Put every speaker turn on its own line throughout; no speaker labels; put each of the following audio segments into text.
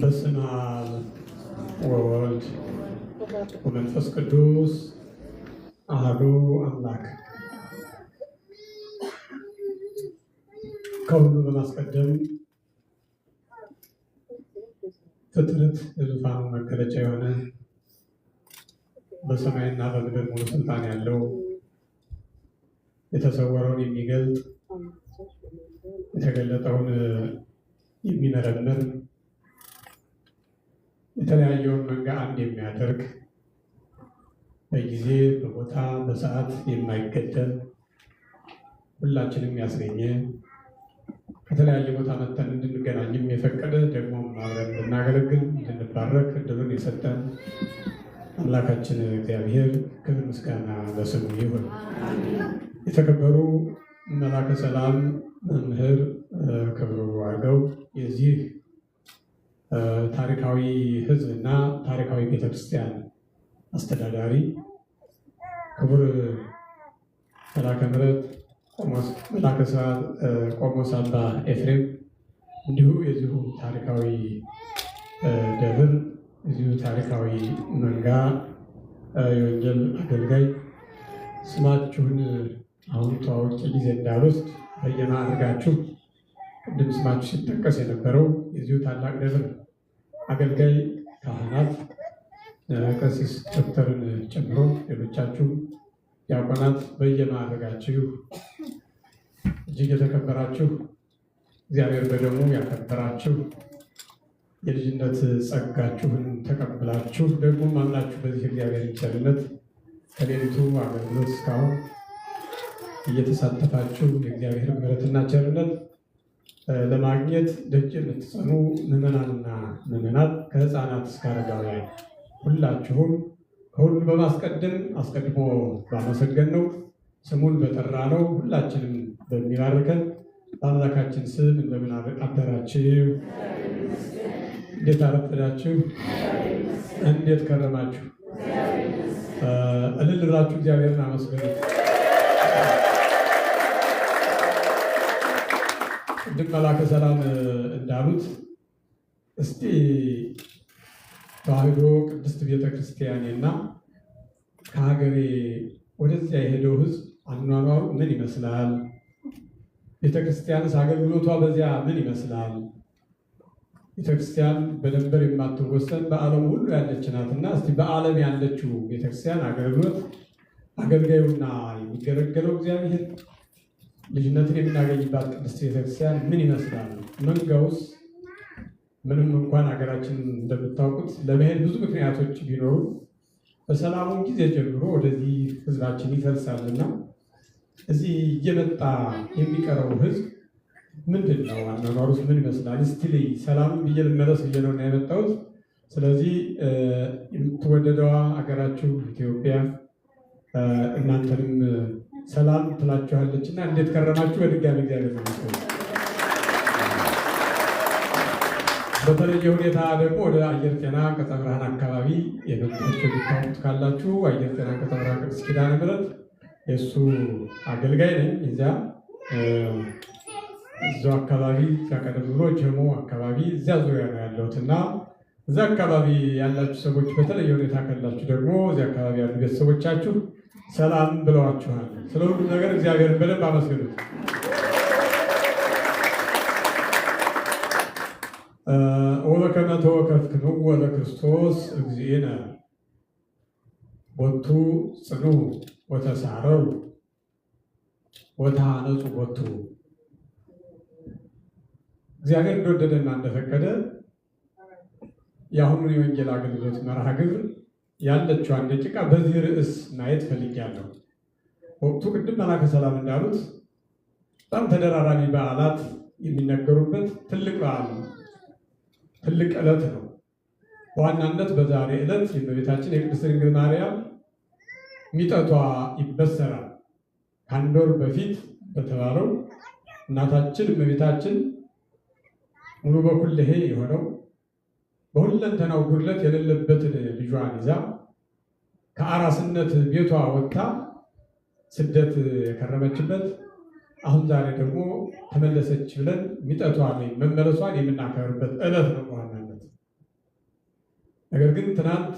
በስመ አብ ወወልድ ወመንፈስ ቅዱስ አሐዱ አምላክ። ከሁሉ በማስቀደም ፍጥረት የዙፋኑ መገለጫ የሆነ በሰማይና በምድር ሙሉ ስልጣን ያለው የተሰወረውን የሚገልጥ የተገለጠውን የሚመረምር የተለያየውን መንጋ አንድ የሚያደርግ በጊዜ በቦታ በሰዓት የማይገደል ሁላችንም ያስገኘ ከተለያየ ቦታ መተን እንድንገናኝም የፈቀደ ደግሞ አብረን እንድናገለግል እንድንባረክ እድሉን የሰጠን አምላካችን እግዚአብሔር ክብር ምስጋና በስሙ ይሁን። የተከበሩ መላከ ሰላም መምህር ክብሩ አድርገው የዚህ ታሪካዊ ህዝብ እና ታሪካዊ ቤተክርስቲያን አስተዳዳሪ ክቡር መላከ ምሕረት መላከ ሰዓት ቆሞስ አባ ኤፍሬም እንዲሁ የዚሁ ታሪካዊ ደብር እዚሁ ታሪካዊ መንጋ የወንጀል አገልጋይ ስማችሁን አሁን ተዋውቂ ጊዜ እንዳልወስድ አድርጋችሁ ቅድም ስማችሁ ሲጠቀስ የነበረው የዚሁ ታላቅ ደብር አገልጋይ ካህናት፣ ቀሲስ ዶክተርን ጨምሮ ሌሎቻችሁ ዲያቆናት በየማዕረጋችሁ እጅግ የተከበራችሁ እግዚአብሔር በደሙ ያከበራችሁ የልጅነት ጸጋችሁን ተቀብላችሁ ደግሞ ማምናችሁ በዚህ እግዚአብሔር ቸርነት ከሌሊቱ አገልግሎት እስካሁን እየተሳተፋችሁ የእግዚአብሔር ምሕረትና ቸርነት ለማግኘት ደጅ የምትጸኑ ምዕመናንና ምዕመናት ከህፃናት እስከ አረጋውያን ሁላችሁም ከሁሉ በማስቀደም አስቀድሞ ባመሰገን ነው ስሙን በጠራ ነው ሁላችንም በሚባርከን በአምላካችን ስም እንደምን አደራችሁ? እንዴት አረፈዳችሁ? እንዴት ከረማችሁ? እልልራችሁ እግዚአብሔርን አመስግኑ። ቅድም መላከ ሰላም እንዳሉት እስቲ ተዋህዶ ቅድስት እና ከሀገሬ ወደዚያ የሄደው ህዝብ አኗኗሩ ምን ይመስላል? ቤተክርስቲያንስ አገልግሎቷ በዚያ ምን ይመስላል? ቤተክርስቲያን በደንበር የማትወሰን በዓለም ሁሉ ያለች ናትና እስቲ በዓለም ያለችው ቤተክርስቲያን አገልግሎት አገልጋዩና የሚገለገለው እግዚአብሔር ልጅነትን የምናገኝባት ቅድስት ቤተክርስቲያን ምን ይመስላል? መንጋውስ ምንም እንኳን ሀገራችን እንደምታውቁት ለመሄድ ብዙ ምክንያቶች ቢኖሩ በሰላሙን ጊዜ ጀምሮ ወደዚህ ህዝባችን ይፈልሳልና እዚህ እየመጣ የሚቀረው ህዝብ ምንድን ነው? አኗኗሩስ ምን ይመስላል? እስቲ ሰላም ብዬ ልመለስ ብዬ ነው የመጣሁት። ስለዚህ የምትወደደዋ ሀገራችሁ ኢትዮጵያ እናንተንም ሰላም ትላችኋለች እና እንዴት ከረማችሁ? በድጋሚ እግዚአብሔር ይመስገን። በተለየ ሁኔታ ደግሞ ወደ አየር ጤና ቀጠብርሃን አካባቢ የመጣችሁ ልታወቁት ካላችሁ አየር ጤና ቀጠብርሃን ቅድስት ኪዳነ ምሕረት የእሱ አገልጋይ ነኝ። እዚያ እዚያው አካባቢ ቀደም ብሎ ጀሞ አካባቢ እዚያ ዙሪያ ነው ያለሁት እና እዚያ አካባቢ ያላችሁ ሰዎች በተለየ ሁኔታ ካላችሁ ደግሞ እዚያ አካባቢ ያሉ ቤተሰቦቻችሁ ሰላም ብለዋችኋል። ስለ ሁሉም ነገር እግዚአብሔርን በደንብ አመስግኑት። ወበከመ ተወከፍክንዎ ለክርስቶስ እግዚእነ ቦቱ ጽንዑ ወተሳረሩ ወተሃነጹ ቦቱ። እግዚአብሔር እንደወደደና እንደፈቀደ የአሁኑን የወንጌል አገልግሎት መርሃ ግብር ያለችዋን ደቂቃ በዚህ ርዕስ ማየት ፈልጊያለሁ። ወቅቱ ቅድም መላከ ሰላም እንዳሉት በጣም ተደራራቢ በዓላት የሚነገሩበት ትልቅ በዓል ነው፣ ትልቅ ዕለት ነው። በዋናነት በዛሬ ዕለት የእመቤታችን የቅድስት ድንግል ማርያም ሚጠቷ ይበሰራል። ከአንድ ወር በፊት በተባለው እናታችን እመቤታችን ሙሉ በኩል በኩለሄ የሆነው በሁለንተናው ጉድለት የሌለበትን ልጇን ይዛ ከአራስነት ቤቷ ወጥታ ስደት የከረመችበት አሁን ዛሬ ደግሞ ተመለሰች ብለን ሚጠቷን ወይም መመለሷን የምናከብርበት እለት ነው በዋናነት። ነገር ግን ትናንት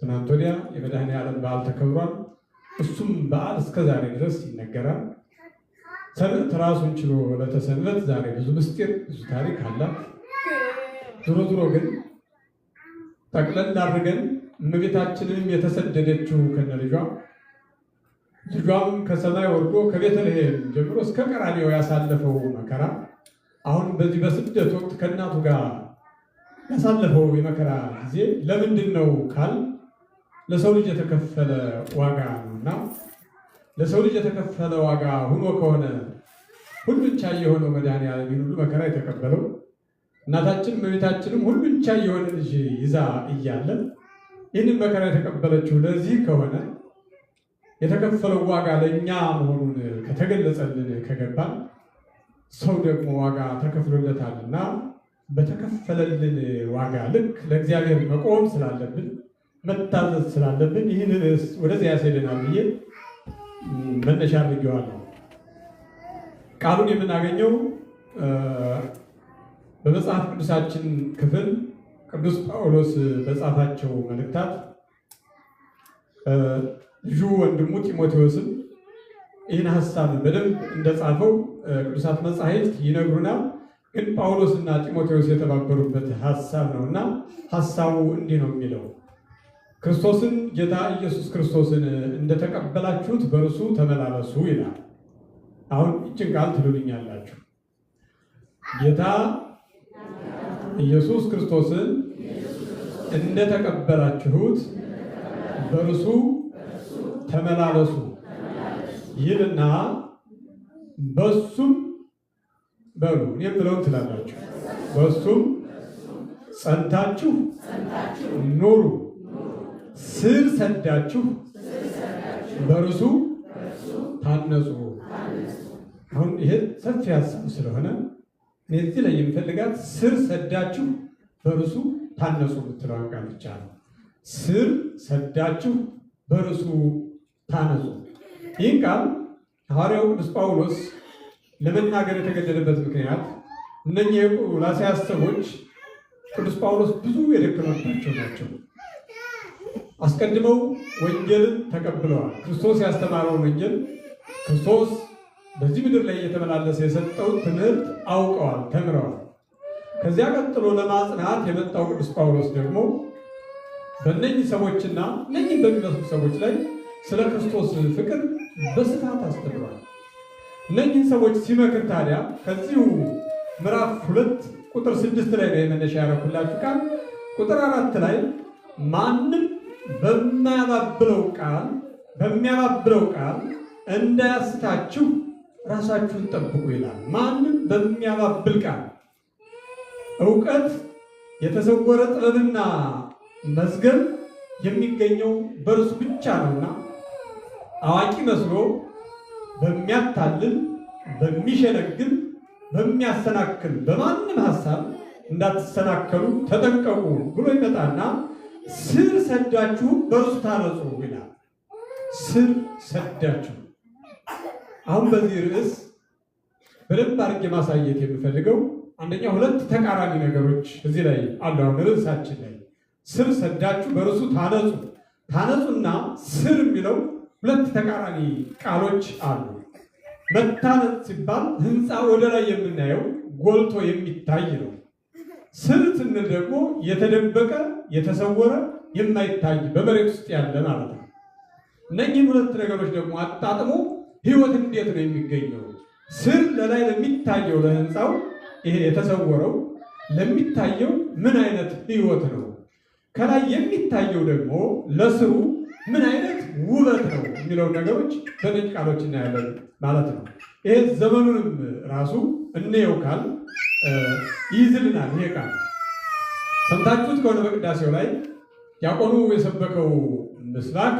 ትናንት ወዲያ የመድኃኔ ዓለም በዓል ተከብሯል። እሱም በዓል እስከ ዛሬ ድረስ ይነገራል። ሰንበት ራሱን ችሎ ለተሰንበት ዛሬ ብዙ ምስጢር ብዙ ታሪክ አላት። ዞሮ ዞሮ ግን ጠቅለል አድርገን እመቤታችንም የተሰደደችው ከነ ልጇ ልጇም ከሰማይ ወርዶ ከቤተልሔም ጀምሮ እስከ ቀራንዮ ያሳለፈው መከራ አሁን በዚህ በስደት ወቅት ከእናቱ ጋር ያሳለፈው የመከራ ጊዜ ለምንድን ነው ካል ለሰው ልጅ የተከፈለ ዋጋ ነውና ለሰው ልጅ የተከፈለ ዋጋ ሁኖ ከሆነ ሁሉን ቻይ የሆነው መድኃኔዓለም ሁሉ መከራ የተቀበለው እናታችን መቤታችንም ሁሉን ቻይ የሆነ ልጅ ይዛ እያለን ይህንን መከራ የተቀበለችው ለዚህ ከሆነ የተከፈለው ዋጋ ለእኛ መሆኑን ከተገለጸልን ከገባ ሰው ደግሞ ዋጋ ተከፍሎለታልና በተከፈለልን ዋጋ ልክ ለእግዚአብሔር መቆም ስላለብን መታዘዝ ስላለብን ይህን ወደዚያ ያስሄደናል ብዬ መነሻ አድርጌዋለሁ። ቃሉን የምናገኘው በመጽሐፍ ቅዱሳችን ክፍል ቅዱስ ጳውሎስ በጻፋቸው መልእክታት ልጁ ወንድሙ ጢሞቴዎስም ይህን ሀሳብ በደንብ እንደጻፈው ቅዱሳት መጻሕፍት ይነግሩናል። ግን ጳውሎስና ጢሞቴዎስ የተባበሩበት ሀሳብ ነው እና ሀሳቡ እንዲህ ነው የሚለው ክርስቶስን ጌታ ኢየሱስ ክርስቶስን እንደተቀበላችሁት በእርሱ ተመላለሱ ይላል። አሁን ይችን ቃል ትሉልኛላችሁ ጌታ ኢየሱስ ክርስቶስን እንደተቀበላችሁት በእርሱ ተመላለሱ ይልና በሱም በሉ እኔም ብለውን ትላላችሁ በሱም ጸንታችሁ ኑሩ ስር ሰዳችሁ በርሱ ታነጹ። አሁን ይሄ ሰፊ ሀሳብ ስለሆነ ከዚህ ላይ የምፈልጋት ስር ሰዳችሁ በርሱ ታነጹ የምትለው ቃል ብቻ ነው። ስር ሰዳችሁ በርሱ ታነጹ። ይህን ቃል ሐዋርያው ቅዱስ ጳውሎስ ለመናገር የተገደደበት ምክንያት እነኚህ የቆላስይስ ሰዎች ቅዱስ ጳውሎስ ብዙ የደከመባቸው ናቸው። አስቀድመው ወንጌልን ተቀብለዋል። ክርስቶስ ያስተማረውን ወንጌል ክርስቶስ በዚህ ምድር ላይ እየተመላለሰ የሰጠውን ትምህርት አውቀዋል፣ ተምረዋል። ከዚያ ቀጥሎ ለማጽናት የመጣው ቅዱስ ጳውሎስ ደግሞ በእነኝህ ሰዎችና እነኚህ በሚመስሉ ሰዎች ላይ ስለ ክርስቶስ ፍቅር በስፋት አስተምሯል። እነኝህ ሰዎች ሲመክር ታዲያ ከዚሁ ምዕራፍ ሁለት ቁጥር ስድስት ላይ ነው የመነሻ ያረኩላችሁ ቃል ቁጥር አራት ላይ ማንም በማያባብለው ቃል በሚያባብለው ቃል እንዳያስታችሁ ራሳችሁን ጠብቁ ይላል። ማንም በሚያባብል ቃል እውቀት፣ የተሰወረ ጥበብና መዝገብ የሚገኘው በእርሱ ብቻ ነውና አዋቂ መስሎ በሚያታልል፣ በሚሸነግል፣ በሚያሰናክል በማንም ሀሳብ እንዳትሰናከሉ ተጠንቀቁ ብሎ ይመጣና ስር ሰዳችሁ በእርሱ ታነጹ ይላል። ስር ሰዳችሁ አሁን በዚህ ርዕስ በደንብ አድርጌ ማሳየት የምፈልገው አንደኛ ሁለት ተቃራኒ ነገሮች እዚህ ላይ አሉ። አሁን ርዕሳችን ላይ ስር ሰዳችሁ በርሱ ታነጹ። ታነጹና ስር የሚለው ሁለት ተቃራኒ ቃሎች አሉ። መታነጽ ሲባል ህንፃ ወደ ላይ የምናየው ጎልቶ የሚታይ ነው። ስር ስንል ደግሞ የተደበቀ የተሰወረ የማይታይ በመሬት ውስጥ ያለ ማለት ነው። እነዚህን ሁለት ነገሮች ደግሞ አጣጥሞ ህይወት እንዴት ነው የሚገኘው? ስር ለላይ ለሚታየው ለህንፃው ይሄ የተሰወረው ለሚታየው ምን አይነት ህይወት ነው? ከላይ የሚታየው ደግሞ ለስሩ ምን አይነት ውበት ነው የሚለው ነገሮች በነጭ ቃሎች እናያለን ማለት ነው። ይሄ ዘመኑንም ራሱ እንየው ቃል ይይዝልናል። ይሄ ቃል ሰምታችሁት ከሆነ በቅዳሴው ላይ ያቆኑ የሰበከው ምስባክ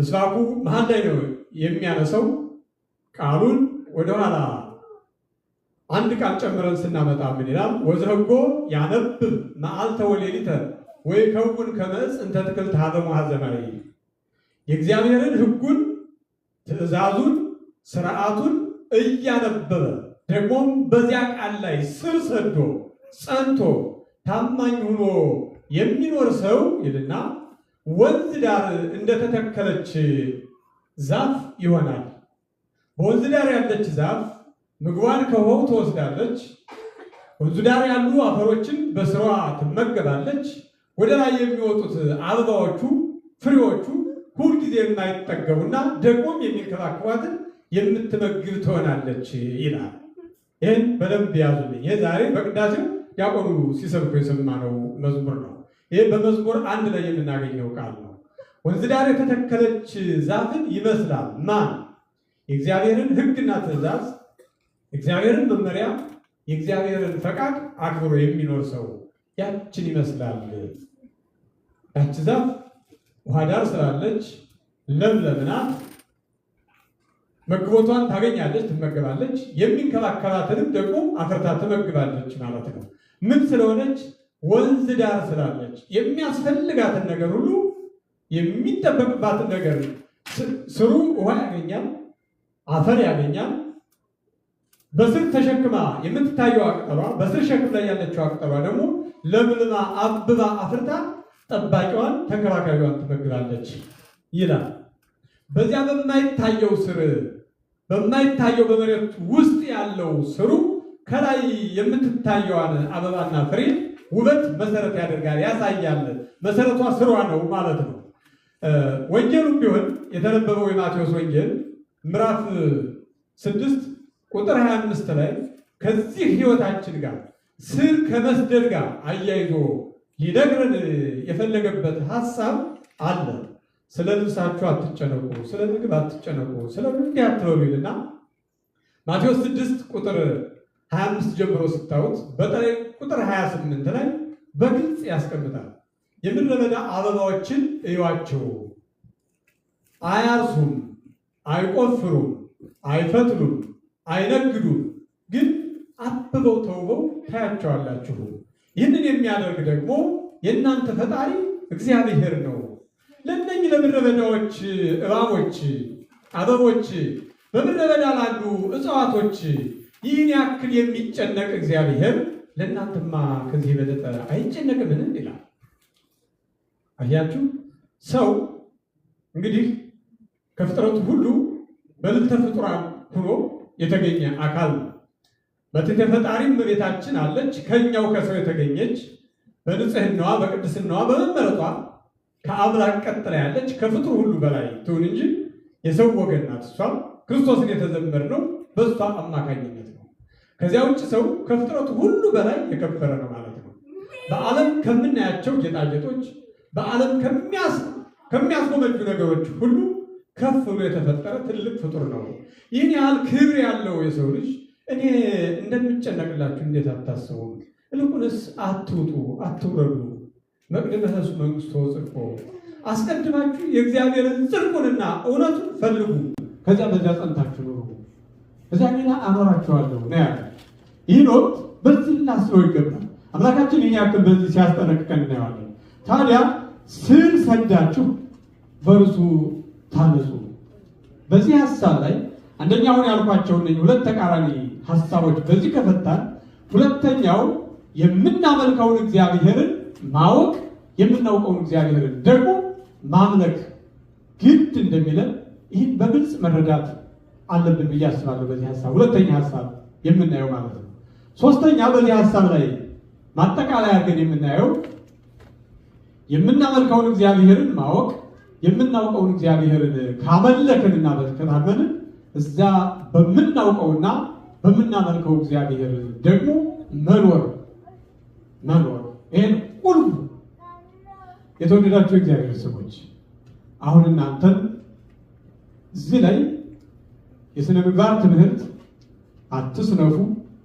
መጽሐፉ መሀል ላይ ነው የሚያነሰው። ቃሉን ወደኋላ አንድ ቃል ጨምረን ስናመጣ ምን ይላል? ወዘህጎ ያነብብ መዓልተ ወሌሊተ ወይ ከውን ከመጽ እንተ ትክልት ሀዘሙ ሀዘማዊ የእግዚአብሔርን ሕጉን ትእዛዙን ስርዓቱን እያነበበ ደግሞም በዚያ ቃል ላይ ስር ሰዶ ጸንቶ ታማኝ ሆኖ የሚኖር ሰው ይልና ወንዝ ዳር እንደተተከለች ዛፍ ይሆናል። በወንዝ ዳር ያለች ዛፍ ምግቧን ከውሃው ትወስዳለች። ወንዙ ዳር ያሉ አፈሮችን በስሯ ትመገባለች። ወደ ላይ የሚወጡት አበባዎቹ፣ ፍሬዎቹ ሁልጊዜ የማይጠገቡና ደግሞም የሚንከባከቧትን የምትመግብ ትሆናለች ይላል። ይህን በደንብ ያዙልኝ። ይህ ዛሬ በቅዳሴው ዲያቆኑ ሲሰብኩ የሰማነው መዝሙር ነው። ይህ በመዝሙር አንድ ላይ የምናገኘው ቃል ነው። ወንዝ ዳር የተተከለች ዛፍን ይመስላል ማን? የእግዚአብሔርን ሕግና ትእዛዝ፣ እግዚአብሔርን መመሪያ፣ የእግዚአብሔርን ፈቃድ አክብሮ የሚኖር ሰው ያችን ይመስላል። ያች ዛፍ ውሃ ዳር ስላለች ለምለም ናት። መግቦቷን ታገኛለች፣ ትመገባለች። የሚንከባከባትንም ደግሞ አፍርታ ትመግባለች ማለት ነው። ምን ስለሆነች ወንዝ ዳር ስላለች የሚያስፈልጋትን ነገር ሁሉ የሚጠበቅባትን ነገር ስሩ ውሃ ያገኛል፣ አፈር ያገኛል። በስር ተሸክማ የምትታየው ቅጠሏ፣ በስር ሸክም ላይ ያለችው ቅጠሏ ደግሞ ለምልማ አብባ አፍርታ ጠባቂዋን ተከባካቢዋን ትመግባለች ይላል። በዚያ በማይታየው ስር በማይታየው በመሬት ውስጥ ያለው ስሩ ከላይ የምትታየዋን አበባና ፍሬ ውበት መሰረት ያደርጋል ያሳያል። መሰረቷ ስሯ ነው ማለት ነው። ወንጌሉም ቢሆን የተነበበው የማቴዎስ ወንጌል ምዕራፍ ስድስት ቁጥር 25 ላይ ከዚህ ህይወታችን ጋር ስር ከመስደድ ጋር አያይዞ ሊነግረን የፈለገበት ሀሳብ አለ። ስለ ልብሳችሁ አትጨነቁ፣ ስለ ምግብ አትጨነቁ፣ ስለ እንዲህ አትበሉ ይልና ማቴዎስ 6 ቁጥር 25 ጀምሮ ስታዩት በተለይ ቁጥር 28 ላይ በግልጽ ያስቀምጣል። የምድረ በዳ አበባዎችን እዩዋቸው፣ አያርሱም፣ አይቆፍሩም፣ አይፈትሉም፣ አይነግዱም፣ ግን አብበው ተውበው ታያቸዋላችሁ። ይህንን የሚያደርግ ደግሞ የእናንተ ፈጣሪ እግዚአብሔር ነው። ለእነኝ ለምድረ በዳዎች እባቦች፣ አበቦች፣ በምድረ በዳ ላሉ እጽዋቶች ይህን ያክል የሚጨነቅ እግዚአብሔር ለእናንተማ ከዚህ የበለጠ አይጨነቅምን ይላል። አያችሁ ሰው እንግዲህ ከፍጥረቱ ሁሉ በልብተ ፍጡራን ሆኖ የተገኘ አካል ነው። በትሕተ ፈጣሪም እመቤታችን አለች፣ ከኛው ከሰው የተገኘች በንጽህናዋ በቅድስናዋ በመመረጧ ከአምላክ ቀጥላ ያለች ከፍጡር ሁሉ በላይ ትሁን እንጂ የሰው ወገን ናት። እሷም ክርስቶስን የተዘመርነው በእሷ አማካኝነት ነው። ከዚያ ውጭ ሰው ከፍጥረቱ ሁሉ በላይ የከበረ ነው ማለት ነው። በዓለም ከምናያቸው ጌጣጌጦች፣ በዓለም ከሚያስጎመጁ ነገሮች ሁሉ ከፍ ብሎ የተፈጠረ ትልቅ ፍጡር ነው። ይህን ያህል ክብር ያለው የሰው ልጅ እኔ እንደምጨነቅላችሁ እንዴት አታስቡም? ይልቁንስ አትውጡ፣ አትውረዱ መቅደመ ሕሱ መንግሥቶ ጽድቆ፣ አስቀድማችሁ የእግዚአብሔርን ጽድቁንና እውነቱን ፈልጉ፣ ከዚያ በዚያ ጸንታችሁ ኑሩ፣ እዚያ ሌላ አኖራችኋለሁ ነው ይህ ወቅት በዚህ ልናስበው ይገባል። አምላካችን ይህን ያክል በዚህ ሲያስጠነቅቀን እናየዋለን። ታዲያ ስር ሰዳችሁ በእርሱ ታነጹ። በዚህ ሀሳብ ላይ አንደኛውን ያልኳቸው ሁለት ተቃራኒ ሀሳቦች በዚህ ከፈታን፣ ሁለተኛው የምናመልከውን እግዚአብሔርን ማወቅ የምናውቀውን እግዚአብሔርን ደግሞ ማምለክ ግድ እንደሚለን ይህን በግልጽ መረዳት አለብን ብዬ አስባለሁ። በዚህ ሀሳብ ሁለተኛ ሀሳብ የምናየው ማለት ነው። ሶስተኛ በዚህ ሀሳብ ላይ ማጠቃለያ ግን የምናየው የምናመልከውን እግዚአብሔርን ማወቅ የምናውቀውን እግዚአብሔርን ካመለክንና ከታመንን እዛ በምናውቀውና በምናመልከው እግዚአብሔር ደግሞ መኖር መኖር ይህን ሁሉ የተወደዳቸው እግዚአብሔር ሰዎች አሁን እናንተን እዚህ ላይ የሥነ ምግባር ትምህርት አትስነፉ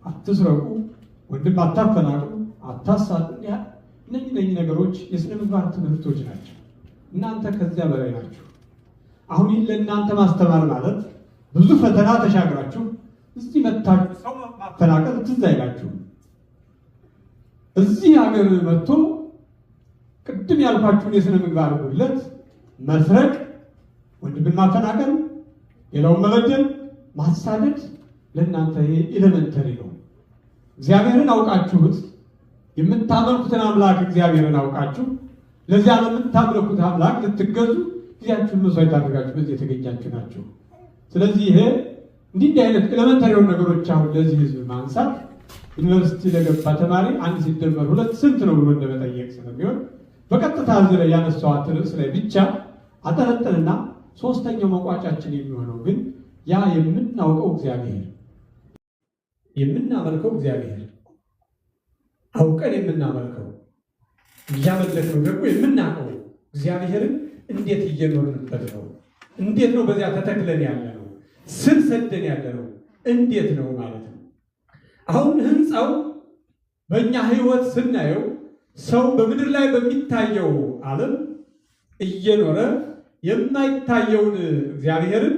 አትስረቁ፣ ወንድም አታፈናቅሉ፣ አታሳጡ። እነዚህ ነኝ ነገሮች የስነ ምግባር ትምህርቶች ናቸው። እናንተ ከዚያ በላይ ናችሁ። አሁን ይህን ለእናንተ ማስተማር ማለት ብዙ ፈተና ተሻግራችሁ እዚህ መታችሁ ሰው ማፈናቀል ትዝ አይላችሁ። እዚህ ሀገር መጥቶ ቅድም ያልኳችሁን የስነ ምግባር ጉድለት መስረቅ፣ ወንድምን ማፈናቀል፣ ሌላውን መበደል፣ ማሳደድ ለእናንተ ኤሌመንተሪ ነው። እግዚአብሔርን አውቃችሁት የምታመልኩትን አምላክ እግዚአብሔርን አውቃችሁ ለዚያ ለምታመልኩት አምላክ ልትገዙ ጊዜያችሁን መስዋዕት አድርጋችሁ በዚህ የተገኛችሁ ናቸው። ስለዚህ ይሄ እንዲህ እንዲህ አይነት ኤሌመንታሪውን ነገሮች አሁን ለዚህ ህዝብ ማንሳት ዩኒቨርሲቲ ለገባ ተማሪ አንድ ሲደመር ሁለት ስንት ነው ብሎ እንደመጠየቅ ስለሚሆን በቀጥታ እዚህ ላይ ያነሳዋት ርዕስ ላይ ብቻ አጠረጠንና ሶስተኛው መቋጫችን የሚሆነው ግን ያ የምናውቀው እግዚአብሔር የምናመልከው እግዚአብሔር አውቀን የምናመልከው እያመለክ ነው ደግሞ የምናውቀው እግዚአብሔርን እንዴት እየኖርንበት ነው? እንዴት ነው በዚያ ተተክለን ያለ ነው? ስር ሰደን ያለ ነው? እንዴት ነው ማለት ነው። አሁን ህንፃው በእኛ ህይወት ስናየው ሰው በምድር ላይ በሚታየው ዓለም እየኖረ የማይታየውን እግዚአብሔርን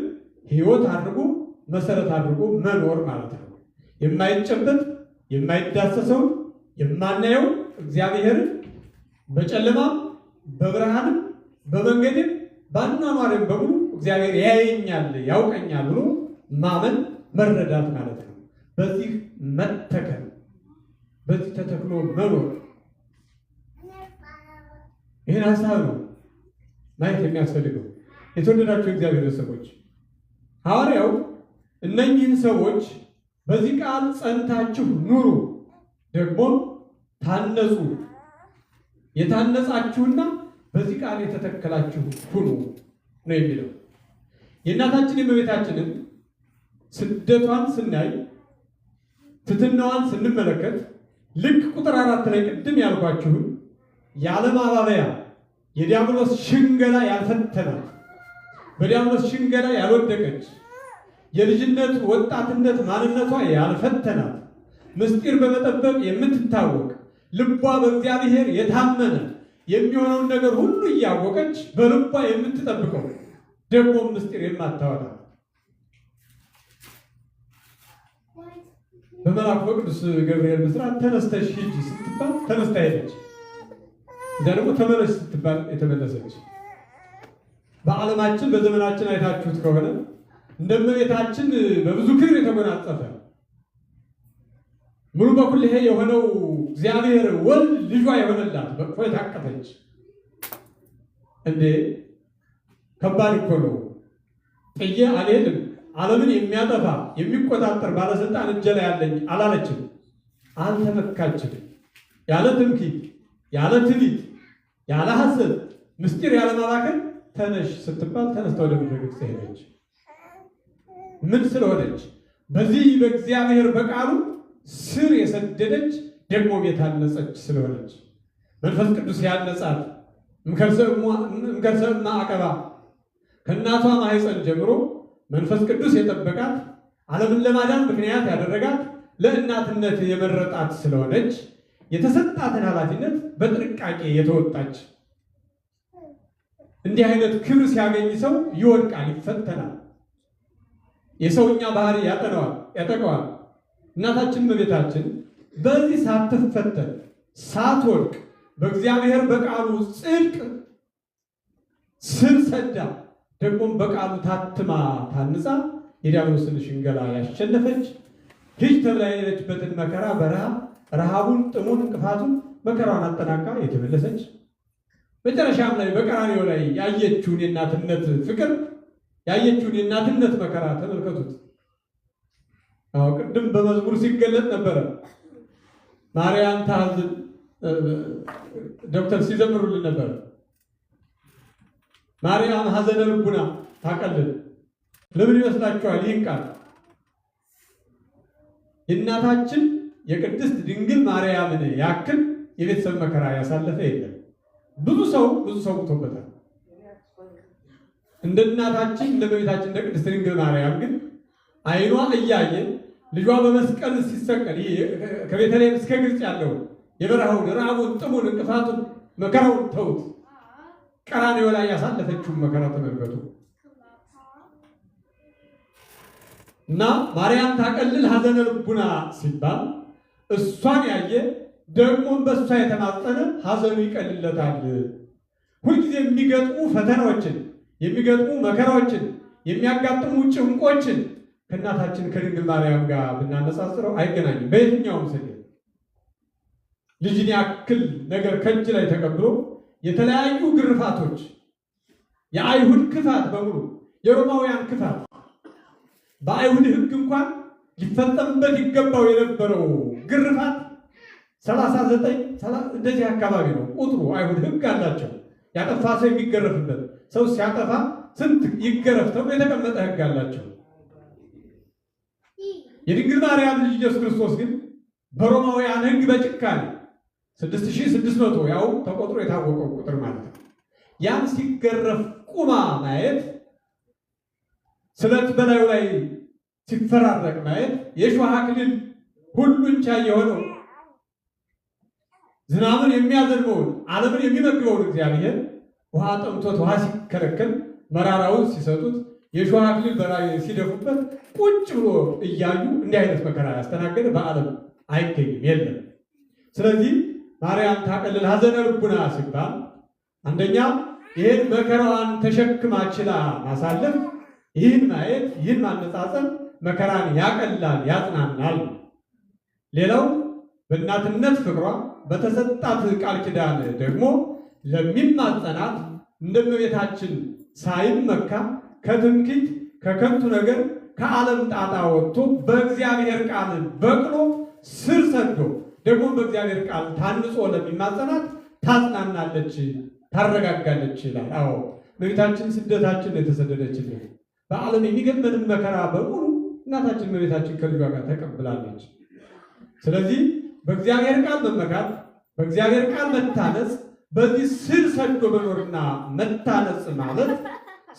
ህይወት አድርጎ መሰረት አድርጎ መኖር ማለት ነው። የማይጨበጥ የማይዳሰሰው የማናየው እግዚአብሔር በጨለማ በብርሃንም በመንገድም በአኗኗሪም በሙሉ እግዚአብሔር ያየኛል ያውቀኛል ብሎ ማመን መረዳት ማለት ነው። በዚህ መተከል በዚህ ተተክሎ መኖር ይህን ሀሳብ ነው ማየት የሚያስፈልገው። የተወደዳቸው እግዚአብሔር ሰዎች ሐዋርያው እነኚህን ሰዎች በዚህ ቃል ጸንታችሁ ኑሩ፣ ደግሞም ታነጹ። የታነጻችሁና በዚህ ቃል የተተከላችሁ ሁኑ ነው የሚለው። የእናታችን የእመቤታችንን ስደቷን ስናይ ትትናዋን ስንመለከት ልክ ቁጥር አራት ላይ ቅድም ያልኳችሁን ያለማባበያ የዲያብሎስ ሽንገላ ያልፈተናት በዲያብሎስ ሽንገላ ያልወደቀች የልጅነት ወጣትነት ማንነቷ ያልፈተናት ምስጢር በመጠበቅ የምትታወቅ ልቧ በእግዚአብሔር የታመነ የሚሆነውን ነገር ሁሉ እያወቀች በልቧ የምትጠብቀው ደግሞ ምስጢር የማታወጣ በመልአኩ በቅዱስ ገብርኤል ብስራት ተነስተሽ ሂጂ ስትባል ተነስታ ሄደች። እዛ ደግሞ ተመለሽ ስትባል የተመለሰች። በዓለማችን በዘመናችን አይታችሁት ከሆነ እንደመቤታችን በብዙ ክብር የተጎናጸፈ በኩል በኩልሄ የሆነው እግዚአብሔር ወልድ ልጇ የሆነላት በእቅፎ የታቀፈች እንዴ! ከባድ እኮ ነው። ጥዬ አልሄድም ዓለምን የሚያጠፋ የሚቆጣጠር ባለስልጣን እጄ ላይ ያለኝ አላለችም። አልተመካችም። ያለ ትምኪት፣ ያለ ትዕቢት፣ ያለ ሐሰት ምስጢር ማላከል ተነሽ ስትባል ተነስታ ወደ ቤተ ሄደች። ምን ስለሆነች በዚህ በእግዚአብሔር በቃሉ ስር የሰደደች ደግሞ ቤት አነጸች ስለሆነች መንፈስ ቅዱስ ያነጻት እምከርሰ አቀባ ከእናቷ ማህፀን ጀምሮ መንፈስ ቅዱስ የጠበቃት ዓለምን ለማዳን ምክንያት ያደረጋት ለእናትነት የመረጣት ስለሆነች የተሰጣትን ኃላፊነት በጥንቃቄ የተወጣች እንዲህ አይነት ክብር ሲያገኝ ሰው ይወድቃል፣ ይፈተናል። የሰውኛ ባህሪ ያጠነዋል ያጠቀዋል። እናታችን መቤታችን በዚህ ሳትፈተን ሳትወድቅ በእግዚአብሔር በቃሉ ጽድቅ ስር ሰዳ ደግሞም በቃሉ ታትማ ታንጻ የዲያብሎስን ሽንገላ ያሸነፈች ልጅ ተብላ የሄደችበትን መከራ በረሃብ ረሃቡን፣ ጥሙን፣ እንቅፋቱን መከራውን አጠናቃ የተመለሰች መጨረሻም ላይ በቀራኒው ላይ ያየችውን የእናትነት ፍቅር ያየችውን የእናትነት መከራ ተመልከቱት። አዎ ቅድም በመዝሙር ሲገለጥ ነበረ። ማርያም ታዝን ዶክተር ሲዘምሩልን ነበረ። ማርያም ሀዘነ ልቡና ታቀልል። ለምን ይመስላችኋል? ይህን ቃል የእናታችን የቅድስት ድንግል ማርያምን ያክል የቤተሰብ መከራ ያሳለፈ የለም። ብዙ ሰው ብዙ ሰው ቁቶበታል። እንደ እናታችን እንደ እመቤታችን እንደ ቅድስት ድንግል ማርያም ግን አይኗ እያየ ልጇ በመስቀል ሲሰቀል ከቤተልሔም እስከ ግልጽ ያለው የበረሃውን ረሃቡን፣ ጥሙን፣ እንቅፋቱን፣ መከራውን ተውት። ቀራንዮ ላይ ያሳለፈችውን መከራ ተመልከቱ እና ማርያም ታቀልል ሀዘነ ልቡና ሲባል እሷን ያየ ደግሞም በእሷ የተማጠነ ሀዘኑ ይቀልለታል። ሁልጊዜ የሚገጥሙ ፈተናዎችን የሚገጥሙ መከራዎችን የሚያጋጥሙ ጭንቆችን ከእናታችን ከድንግል ማርያም ጋር ብናነጻጽረው አይገናኝም። በየትኛውም ስ ልጅን ያክል ነገር ከእጅ ላይ ተቀብሎ የተለያዩ ግርፋቶች፣ የአይሁድ ክፋት በሙሉ የሮማውያን ክፋት በአይሁድ ሕግ እንኳን ሊፈጸምበት ይገባው የነበረው ግርፋት ሰላሳ ዘጠኝ እንደዚህ አካባቢ ነው ቁጥሩ። አይሁድ ሕግ አላቸው ያጠፋ ሰው የሚገረፍበት ሰው ሲያጠፋ ስንት ይገረፍ ተብሎ የተቀመጠ ህግ አላቸው። የድንግል ማርያም ልጅ ኢየሱስ ክርስቶስ ግን በሮማውያን ህግ በጭካኔ 6600 ያው ተቆጥሮ የታወቀው ቁጥር ማለት ነው። ያን ሲገረፍ ቁማ ማየት፣ ስለት በላዩ ላይ ሲፈራረቅ ማየት፣ የእሾህ አክሊል ሁሉን ቻይ የሆነው ዝናምን የሚያዘንበውን ዓለምን የሚመግበውን እግዚአብሔር ውሃ ጠምቶት ውሃ ሲከለከል መራራውን ሲሰጡት የእሾህ አክሊል ሲደፉበት ቁጭ ብሎ እያዩ እንዲህ አይነት መከራ ያስተናገደ በዓለም አይገኝም፣ የለም። ስለዚህ ማርያም ታቀልል ሀዘነ ልቡና ሲባል አንደኛ ይህን መከራዋን ተሸክማ ችላ ማሳለፍ፣ ይህን ማየት፣ ይህን ማነጻጸር መከራን ያቀላል፣ ያጽናናል። ሌላው በእናትነት ፍቅሯ በተሰጣት ቃል ኪዳን ደግሞ ለሚማጸናት እንደ እመቤታችን ሳይመካ ከትምክህት ከከንቱ ነገር ከዓለም ጣጣ ወጥቶ በእግዚአብሔር ቃል በቅሎ ስር ሰዶ ደግሞ በእግዚአብሔር ቃል ታንጾ ለሚማጸናት ታጽናናለች፣ ታረጋጋለች ይላል። አዎ እመቤታችን ስደታችን የተሰደደችልን በዓለም የሚገጥመንን መከራ በሙሉ እናታችን እመቤታችን ከልጇ ጋር ተቀብላለች። ስለዚህ በእግዚአብሔር ቃል መመካት፣ በእግዚአብሔር ቃል መታነጽ በዚህ ስር ሰዶ መኖርና መታነጽ ማለት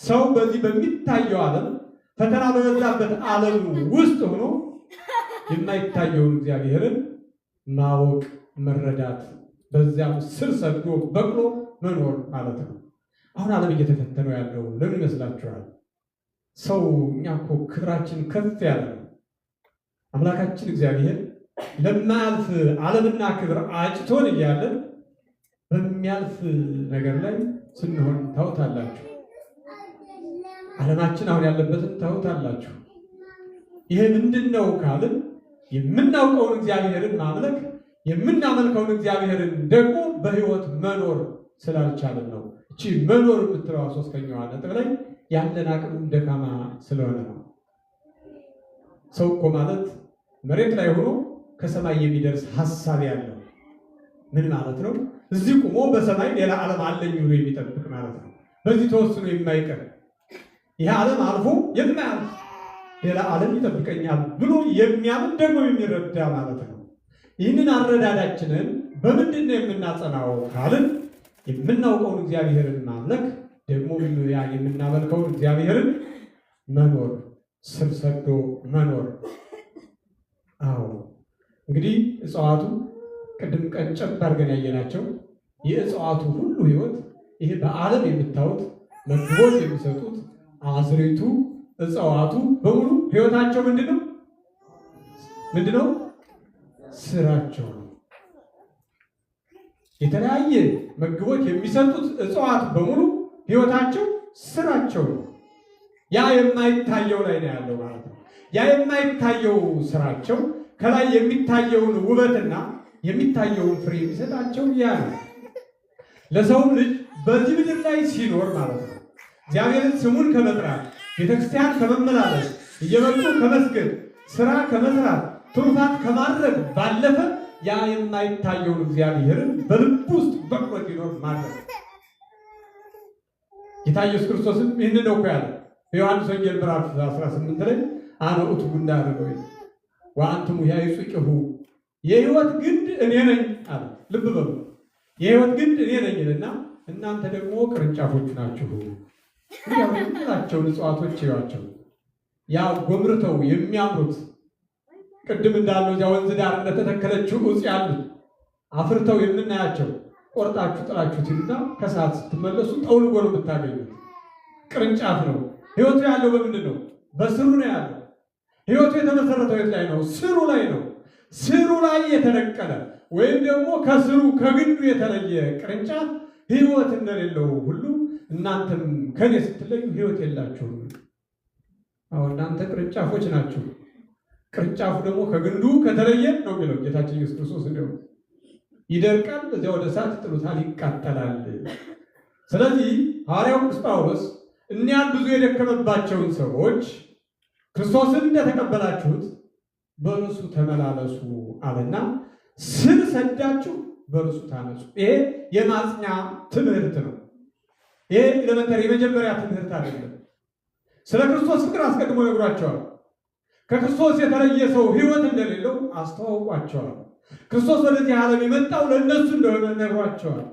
ሰው በዚህ በሚታየው ዓለም ፈተና በበዛበት ዓለም ውስጥ ሆኖ የማይታየውን እግዚአብሔርን ማወቅ መረዳት፣ በዚያም ስር ሰዶ በቅሎ መኖር ማለት ነው። አሁን ዓለም እየተፈተነው ያለው ለምን ይመስላችኋል? ሰው እኛ እኮ ክብራችን ከፍ ያለ ነው። አምላካችን እግዚአብሔር ለማያልፍ ዓለምና ክብር አጭቶን እያለን በሚያልፍ ነገር ላይ ስንሆን ታውታላችሁ። ዓለማችን አሁን ያለበትን ታውታላችሁ። ይሄ ምንድን ነው ካልን የምናውቀውን እግዚአብሔርን ማምለክ የምናመልከውን እግዚአብሔርን ደግሞ በህይወት መኖር ስላልቻልን ነው። እቺ መኖር የምትለዋ ሶስተኛዋ ነጥብ ላይ ያለን አቅም ደካማ ስለሆነ ነው። ሰው እኮ ማለት መሬት ላይ ሆኖ ከሰማይ የሚደርስ ሀሳብ ያለው ምን ማለት ነው? እዚህ ቁሞ በሰማይ ሌላ ዓለም አለኝ ብሎ የሚጠብቅ ማለት ነው። በዚህ ተወስኖ የማይቀር ይህ ዓለም አልፎ የማያልፍ ሌላ ዓለም ይጠብቀኛል ብሎ የሚያምን ደግሞ የሚረዳ ማለት ነው። ይህንን አረዳዳችንን በምንድን ነው የምናጸናው ካልን የምናውቀውን እግዚአብሔርን ማምለክ ደግሞ ያን የምናመልከውን እግዚአብሔርን መኖር ስር ሰዶ መኖር። አዎ እንግዲህ እጽዋቱ ቅድም ቀንጨብ አድርገን ያየናቸው የእጽዋቱ ሁሉ ህይወት ይሄ በዓለም የምታዩት መግቦት የሚሰጡት አዝሬቱ እጽዋቱ በሙሉ ህይወታቸው ምንድን ነው? ምንድን ነው? ስራቸው ነው። የተለያየ መግቦት የሚሰጡት እጽዋት በሙሉ ህይወታቸው ስራቸው ነው። ያ የማይታየው ላይ ነው ያለው ማለት ነው። ያ የማይታየው ስራቸው ከላይ የሚታየውን ውበትና የሚታየውን ፍሬ የሚሰጣቸው ያ ነው። ለሰውም ልጅ በዚህ ምድር ላይ ሲኖር ማለት ነው እግዚአብሔርን ስሙን ከመጥራት ቤተክርስቲያን ከመመላለስ እየመጡ ከመስገድ ስራ ከመስራት ትሩፋት ከማድረግ ባለፈ ያ የማይታየውን እግዚአብሔርን በልብ ውስጥ በቅሎት ይኖር ማለት ነው። ጌታ ኢየሱስ ክርስቶስም ይህንን ነው ያለ በዮሐንስ ወንጌል ምዕራፍ 18 ላይ አነ ውእቱ ጉንዳነ በዊዕ ወአንቱም ሕያዩ የህይወት ግንድ እኔ ነኝ አለ። ልብ በሉ የህይወት ግንድ እኔ ነኝ እና እናንተ ደግሞ ቅርንጫፎች ናችሁ። ያቸውን እጽዋቶች ይዋቸው ያ ጎምርተው የሚያምሩት ቅድም እንዳለው እዚያ ወንዝ ዳር እንደተተከለችው ዕፅ ያሉት አፍርተው የምናያቸው ቆርጣችሁ ጥላችሁ ይሉና ከሰዓት ስትመለሱ ጠውልጎ ነው የምታገኙት። ቅርንጫፍ ነው። ህይወቱ ያለው በምንድን ነው? በስሩ ነው ያለው። ህይወቱ የተመሰረተው የት ላይ ነው? ስሩ ላይ ነው። ስሩ ላይ የተነቀለ ወይም ደግሞ ከስሩ ከግንዱ የተለየ ቅርንጫፍ ሕይወት እንደሌለው ሁሉ እናንተም ከኔ ስትለዩ ሕይወት የላችሁም። አዎ እናንተ ቅርንጫፎች ናችሁ። ቅርንጫፉ ደግሞ ከግንዱ ከተለየ ነው የሚለው ጌታችን ኢየሱስ ክርስቶስ እንዲሁ ይደርቃል፣ እዚያ ወደ እሳት ጥሉታል፣ ይቃጠላል። ስለዚህ ሐዋርያው ቅዱስ ጳውሎስ እኒያን ብዙ የደከመባቸውን ሰዎች ክርስቶስን እንደተቀበላችሁት በርሱ ተመላለሱ አለና ስር ሰዳችሁ በርሱ ታነጹ። ይሄ የማጽኛ ትምህርት ነው። ይሄ ኤሌመንተሪ የመጀመሪያ ትምህርት አይደለም። ስለ ክርስቶስ ፍቅር አስቀድሞ ነግሯቸዋል። ከክርስቶስ የተለየ ሰው ሕይወት እንደሌለው አስተዋውቋቸዋል። ክርስቶስ ወደዚህ ዓለም የመጣው ለእነሱ እንደሆነ ነግሯቸዋል።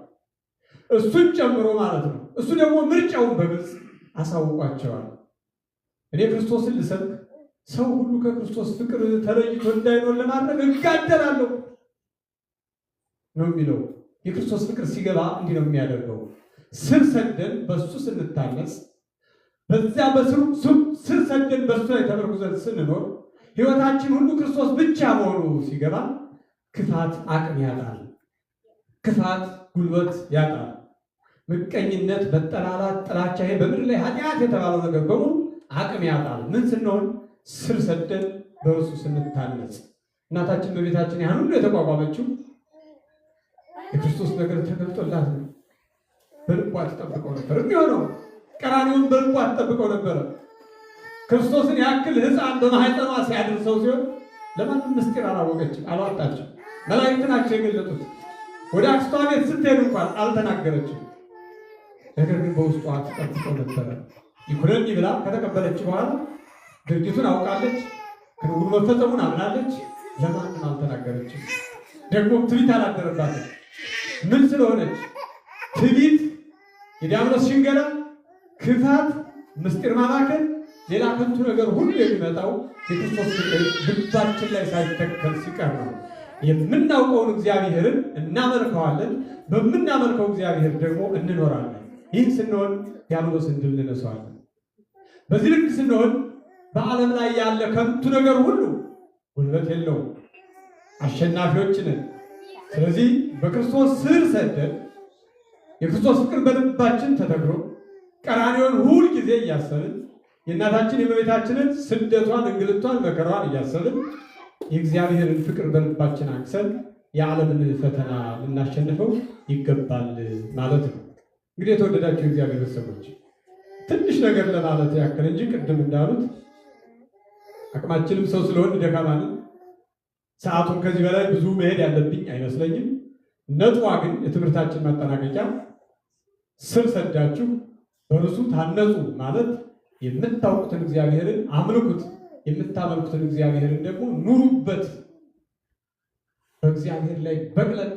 እሱን ጨምሮ ማለት ነው። እሱ ደግሞ ምርጫውን በግልጽ አሳውቋቸዋል። እኔ ክርስቶስን ልሰብክ ሰው ሁሉ ከክርስቶስ ፍቅር ተለይቶ እንዳይኖር ለማድረግ እጋደላለሁ ነው የሚለው። የክርስቶስ ፍቅር ሲገባ እንዲህ ነው የሚያደርገው። ስር ሰደን በሱ ስንታነጽ፣ በዚያ በስሩ ስር ሰደን በሱ ላይ ተመርኩዘን ስንኖር ህይወታችን ሁሉ ክርስቶስ ብቻ መሆኑ ሲገባ ክፋት አቅም ያጣል። ክፋት ጉልበት ያጣል። ምቀኝነት፣ መጠላላት፣ ጥላቻ፣ በምድር ላይ ኃጢአት የተባለው ነገር በሙሉ አቅም ያጣል። ምን ስንሆን ስር ሰደን በእርሱ ስንታነጽ እናታችን በቤታችን ያን ሁሉ የተቋቋመችው የክርስቶስ ነገር ተገልጦላት ነው። በልቧ ትጠብቀው ነበር። የሚሆነው ቀራኒውን በልቧ ትጠብቀው ነበረ። ክርስቶስን ያክል ሕፃን በማህፀኗ ሲያደርሰው ሲሆን ለማንም ምስጢር አላወቀች አልዋጣችም። መላእክት ናቸው የገለጡት። ወደ አክስቷ ቤት ስትሄድ እንኳን አልተናገረችም። ነገር ግን በውስጧ አትጠብቀው ነበረ። ይኩነኒ ብላ ከተቀበለች በኋላ ድርጅቱን አውቃለች፣ ክንውኑ መፈጸሙን አምናለች። ለማንም አልተናገረችም። ደግሞ ትቢት አላደረባትም። ምን ስለሆነች? ትቢት፣ የዲያብሎስ ሽንገላ፣ ክፋት፣ ምስጢር ማማከል፣ ሌላ ከንቱ ነገር ሁሉ የሚመጣው የክርስቶስ ፍቅር ልባችን ላይ ሳይተከል ሲቀር ነው። የምናውቀውን እግዚአብሔርን እናመልከዋለን፣ በምናመልከው እግዚአብሔር ደግሞ እንኖራለን። ይህን ስንሆን ዲያብሎስን ድል እንነሳዋለን። በዚህ ልክ ስንሆን በዓለም ላይ ያለ ከንቱ ነገር ሁሉ ጉልበት የለው አሸናፊዎች ነን። ስለዚህ በክርስቶስ ስር ሰደን የክርስቶስ ፍቅር በልባችን ተተግሮ ቀራንዮን ሁል ጊዜ እያሰብን የእናታችን የእመቤታችንን ስደቷን፣ እንግልቷን፣ መከራዋን እያሰብን የእግዚአብሔርን ፍቅር በልባችን አንሰን የዓለምን ፈተና ልናሸንፈው ይገባል ማለት ነው። እንግዲህ የተወደዳቸው እግዚአብሔር ሰዎች ትንሽ ነገር ለማለት ያክል እንጂ ቅድም እንዳሉት አቅማችንም ሰው ስለሆን ደካማ ነን። ሰዓቱም ከዚህ በላይ ብዙ መሄድ ያለብኝ አይመስለኝም። ነጥቧ ግን የትምህርታችን ማጠናቀቂያ ስር ሰዳችሁ በርሱ ታነጹ ማለት የምታውቁትን እግዚአብሔርን አምልኩት፣ የምታመልኩትን እግዚአብሔርን ደግሞ ኑሩበት። በእግዚአብሔር ላይ በቅለን፣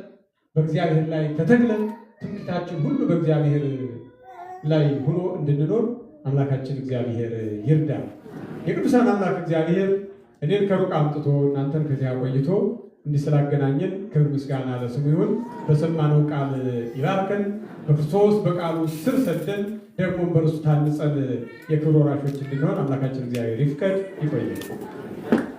በእግዚአብሔር ላይ ተተክለን ትምህርታችን ሁሉ በእግዚአብሔር ላይ ሆኖ እንድንኖር አምላካችን እግዚአብሔር ይርዳል። የቅዱሳን አምላክ እግዚአብሔር እኔን ከሩቅ አምጥቶ እናንተን ከዚያ ቆይቶ እንዲህ ስላገናኘን ክብር ምስጋና ለስሙ ይሁን። በሰማነው ቃል ይባርከን። በክርስቶስ በቃሉ ስር ሰደን ደግሞ በርሱ ታንጸን የክብር ወራሾች እንድንሆን አምላካችን እግዚአብሔር ይፍቀድ። ይቆያል።